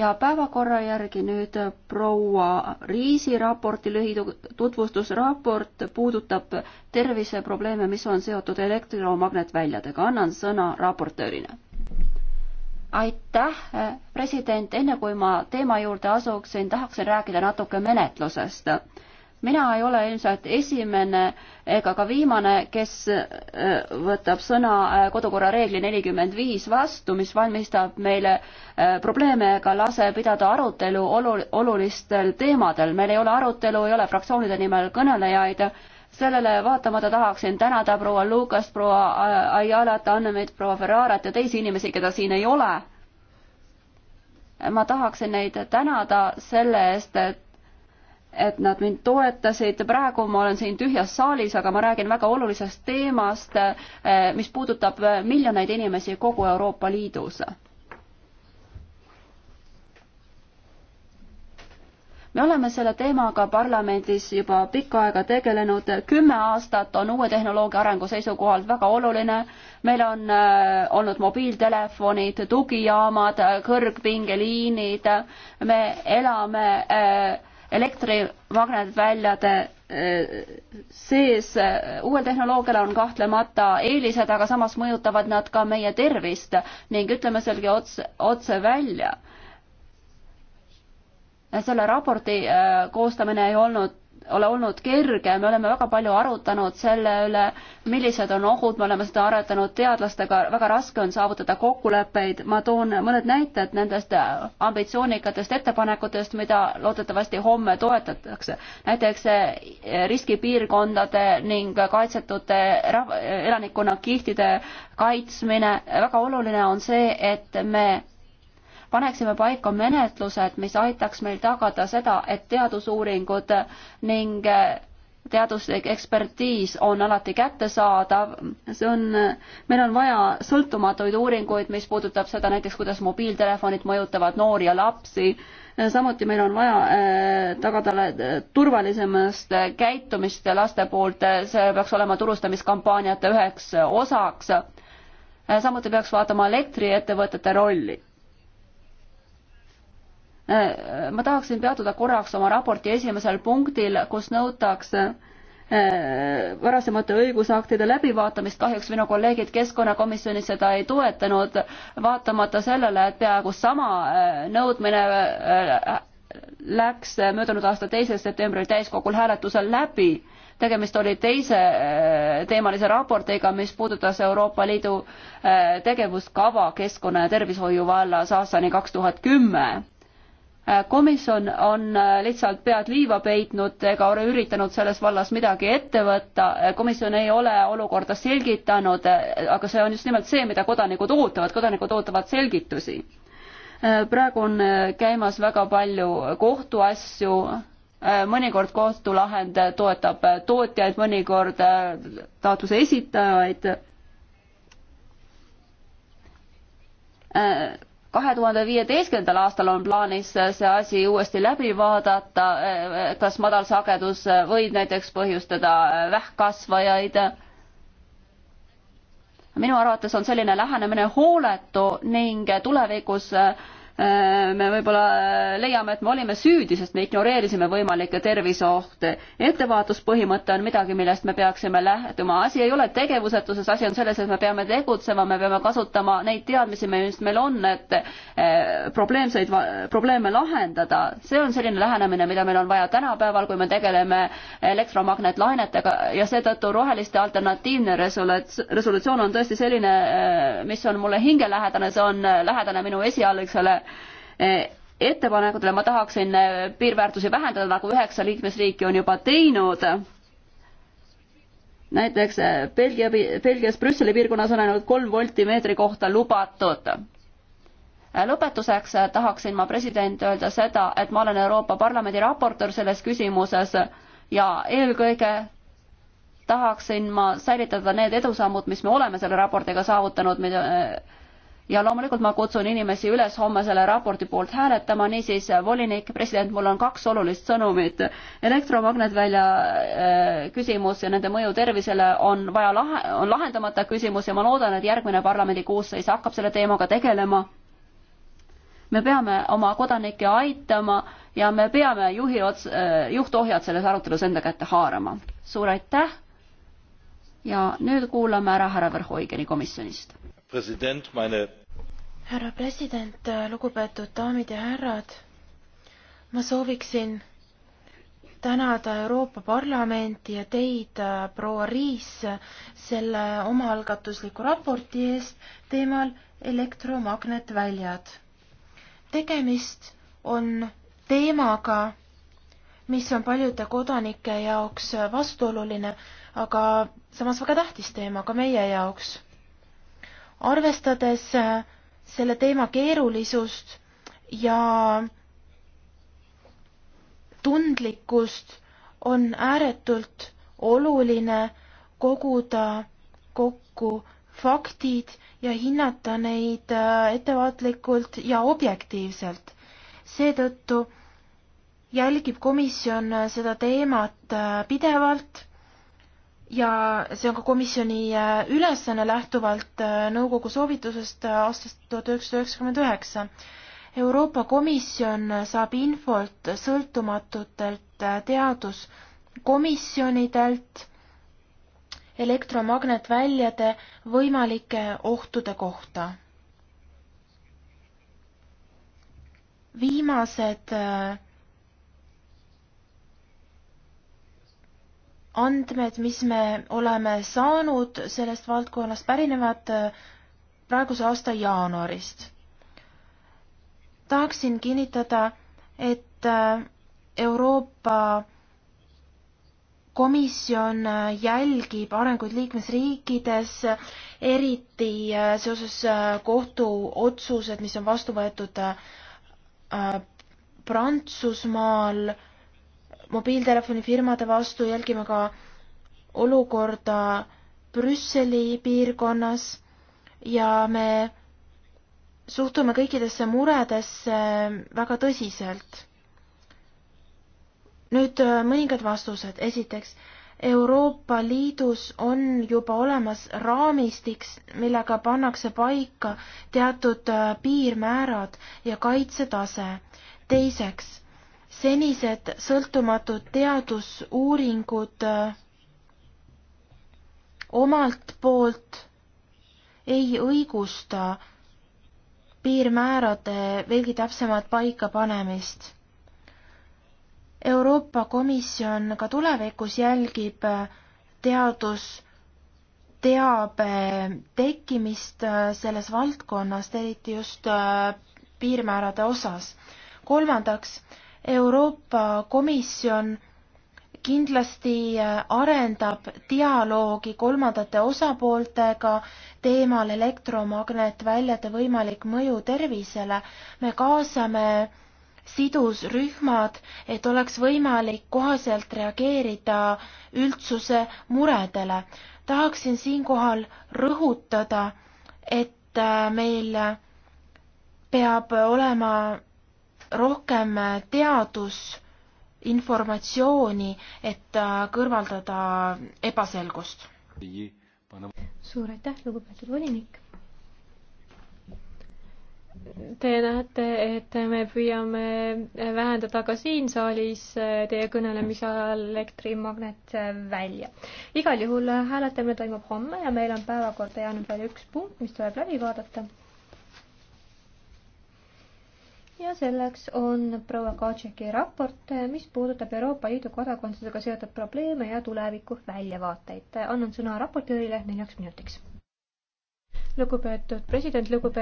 ja päevakorra järgi nüüd proua Riisi raporti lühitutvustus. raport puudutab terviseprobleeme, mis on seotud elektromagnetväljadega. annan sõna raportöörile. aitäh, president, enne kui ma teema juurde asuksin, tahaksin rääkida natuke menetlusest mina ei ole ilmselt esimene ega ka viimane, kes äh, võtab sõna äh, kodukorra reegli nelikümmend viis vastu, mis valmistab meile äh, probleeme ega lase pidada arutelu olu-, olulistel teemadel. meil ei ole arutelu, ei ole fraktsioonide nimel kõnelejaid, sellele vaatamata tahaksin tänada proua Lukast, proua Ajalat, Annemit, proua Ferrarat ja teisi inimesi, keda siin ei ole. ma tahaksin neid tänada selle eest, et et nad mind toetasid. praegu ma olen siin tühjas saalis, aga ma räägin väga olulisest teemast, eh, mis puudutab eh, miljoneid inimesi kogu Euroopa Liidus. me oleme selle teemaga parlamendis juba pikka aega tegelenud, kümme aastat on uue tehnoloogia arengu seisukohalt väga oluline. meil on äh, olnud mobiiltelefonid, tugijaamad, kõrgpingeliinid, me elame äh, elektrimagnetväljade eh, sees eh, uuel tehnoloogial on kahtlemata eelised, aga samas mõjutavad nad ka meie tervist ning ütleme selge otse, otse välja selle raporti eh, koostamine ei olnud ole olnud kerge, me oleme väga palju arutanud selle üle, millised on ohud, me oleme seda arutanud teadlastega, väga raske on saavutada kokkuleppeid, ma toon mõned näited nendest ambitsioonikatest ettepanekutest, mida loodetavasti homme toetatakse. näiteks eh, riskipiirkondade ning kaitsetute elanikkonna kihtide kaitsmine, väga oluline on see, et me paneksime paika menetlused, mis aitaks meil tagada seda, et teadusuuringud ning äh, teaduslik ekspertiis on alati kättesaadav, see on, meil on vaja sõltumatuid uuringuid, mis puudutab seda näiteks, kuidas mobiiltelefonid mõjutavad noori ja lapsi, samuti meil on vaja äh, tagada äh, turvalisemast käitumist laste poolt, see peaks olema turustamiskampaaniate üheks osaks, samuti peaks vaatama elektriettevõtete rolli Äh, ma tahaksin peatuda korraks oma raporti esimesel punktil, kus nõutakse äh, varasemate õigusaktide läbivaatamist, kahjuks minu kolleegid keskkonnakomisjonis seda ei toetanud, vaatamata sellele, et peaaegu sama äh, nõudmine läks möödunud aasta teisel septembril täiskogul hääletusel läbi tegemist oli teise teemalise raportiga, mis puudutas Euroopa Liidu tegevuskava keskkonna ja tervishoiu vallas aastani kaks tuhat kümme komisjon on äh, lihtsalt pead liiva peitnud ega ole üritanud selles vallas midagi ette võtta, komisjon ei ole olukorda selgitanud, äh, aga see on just nimelt see, mida kodanikud ootavad, kodanikud ootavad selgitusi. Äh, praegu on käimas väga palju kohtuasju, mõnikord kohtulahend toetab tootjaid, mõnikord taotluse esitajaid kahe tuhande viieteistkümnendal aastal on plaanis see asi uuesti läbi vaadata, kas madalsagedus võib näiteks põhjustada vähkkasvajaid. minu arvates on selline lähenemine hooletu ning tulevikus Äh, me võib-olla äh, leiame, et me olime süüdi, sest me ignoreerisime võimalikke terviseohte. ettevaatuspõhimõte on midagi, millest me peaksime lähtuma. asi ei ole tegevusetuses, asi on selles, et me peame tegutsema, me peame kasutama neid teadmisi, mis meil on, et äh, probleemseid, probleeme lahendada. see on selline lähenemine, mida meil on vaja tänapäeval, kui me tegeleme elektromagnetlainetega ja seetõttu roheliste alternatiivne resolutsioon, resolutsioon on tõesti selline, mis on mulle hingelähedane, see on lähedane minu esialgsele ettepanekutele, ma tahaksin äh, piirväärtusi vähendada, nagu üheksa liikmesriiki on juba teinud. näiteks äh, Belgia, Belgias Brüsseli piirkonnas on ainult kolm volti meetri kohta lubatud. Äh, lõpetuseks tahaksin ma president öelda seda, et ma olen Euroopa Parlamendi raportöör selles küsimuses ja eelkõige tahaksin ma säilitada need edusammud, mis me oleme selle raportiga saavutanud, mida ja loomulikult ma kutsun inimesi üles homme selle raporti poolt hääletama, niisiis volinik, president, mul on kaks olulist sõnumit. elektromagnetvälja äh, küsimus ja nende mõju tervisele on vaja lahe, on lahendamata küsimus ja ma loodan, et järgmine parlamendi koosseis hakkab selle teemaga tegelema me peame oma kodanikke aitama ja me peame juhi ots-, äh, juhtohjad selles arutelus enda kätte haarama. suur aitäh ja nüüd kuulame ära härra Verhoigeni komisjonist president, meine... härra president, lugupeetud daamid ja härrad, ma sooviksin tänada Euroopa Parlamenti ja teid, proua Riis, selle omaalgatusliku raporti eest teemal elektromagnetväljad. tegemist on teemaga, mis on paljude kodanike jaoks vastuoluline, aga samas väga tähtis teema ka meie jaoks arvestades äh, selle teema keerulisust ja tundlikkust, on ääretult oluline koguda kokku faktid ja hinnata neid äh, ettevaatlikult ja objektiivselt. seetõttu jälgib komisjon äh, seda teemat pidevalt ja see on ka komisjoni äh, ülesanne lähtuvalt äh, nõukogu soovitusest äh, aastast tuhat üheksasada üheksakümmend üheksa. Euroopa Komisjon saab infot sõltumatutelt teaduskomisjonidelt elektromagnetväljade võimalike ohtude kohta. viimased äh, andmed, mis me oleme saanud sellest valdkonnast, pärinevad äh, praeguse aasta jaanuarist. tahaksin kinnitada, et äh, Euroopa Komisjon äh, jälgib arenguid liikmesriikides, eriti seoses kohtuotsused, mis on vastu võetud Prantsusmaal äh, mobiiltelefonifirmade vastu, jälgime ka olukorda Brüsseli piirkonnas ja me suhtume kõikidesse muredesse väga tõsiselt. nüüd äh, mõningad vastused. esiteks, Euroopa Liidus on juba olemas raamistiks, millega pannakse paika teatud äh, piirmäärad ja kaitsetase. teiseks senised sõltumatud teadusuuringud äh, omalt poolt ei õigusta piirmäärade veelgi täpsemat paikapanemist. Euroopa Komisjon ka tulevikus jälgib äh, teadusteabe tekkimist äh, selles valdkonnas, eriti just piirmäärade osas. kolmandaks, Euroopa Komisjon kindlasti äh, arendab dialoogi kolmandate osapooltega teemal elektromagnetväljade võimalik mõju tervisele. me kaasame sidusrühmad, et oleks võimalik kohaselt reageerida üldsuse muredele. tahaksin siinkohal rõhutada, et äh, meil peab olema rohkem teadusinformatsiooni, et äh, kõrvaldada ebaselgust. suur aitäh, lugupeetud volinik Te näete, et me püüame vähendada ka siin saalis teie kõnelemise ajal elektrimagnet välja. igal juhul hääletamine toimub homme ja meil on päevakorda jäänud veel üks punkt, mis tuleb läbi vaadata ja selleks on proua Kaatšeki raport, mis puudutab Euroopa Liidu kodakondsusega seotud probleeme ja tuleviku väljavaateid. annan sõna raportöörile neljaks minutiks. lugupeetud president, lugupeetud